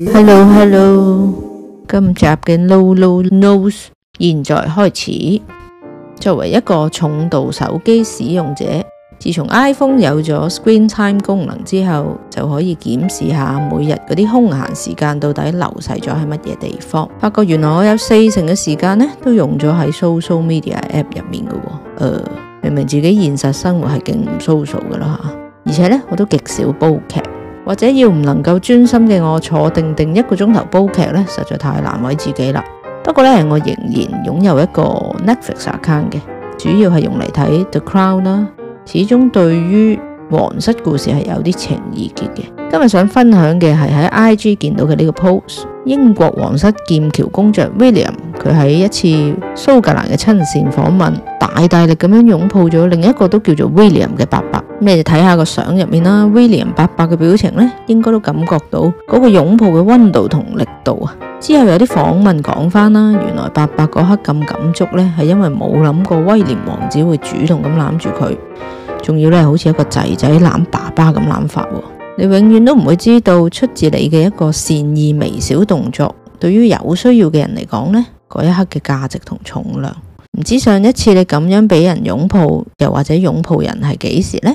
Hello，Hello，hello. 今集嘅 No，No，Noes，現在開始。作為一個重度手機使用者，自從 iPhone 有咗 Screen Time 功能之後，就可以檢視下每日嗰啲空閒時間到底流逝咗喺乜嘢地方。發覺原來我有四成嘅時間都用咗喺 social media app 入面嘅。誒、呃，明明自己現實生活係勁 social 嘅啦，而且咧我都極少煲劇。或者要唔能夠專心嘅我坐定定一個鐘頭煲劇呢，實在太難為自己啦。不過呢，我仍然擁有一個 Netflix account 嘅，主要係用嚟睇 The Crown 啦。始終對於皇室故事係有啲情意結嘅。今日想分享嘅係喺 IG 見到嘅呢個 post，英國皇室劍橋公，公爵 William，佢喺一次蘇格蘭嘅親善訪問，大大力咁樣擁抱咗另一個都叫做 William 嘅爸爸。咩，就睇下個相入面啦。威廉伯伯嘅表情呢，應該都感覺到嗰個擁抱嘅溫度同力度啊。之後有啲訪問講返啦，原來伯伯嗰刻咁感觸呢，係因為冇諗過威廉王子會主動咁攬住佢，仲要呢，好似一個仔仔攬爸爸咁攬法。你永遠都唔會知道出自你嘅一個善意微小動作，對於有需要嘅人嚟講呢，嗰一刻嘅價值同重量。唔知上一次你咁樣俾人擁抱，又或者擁抱人係幾時呢？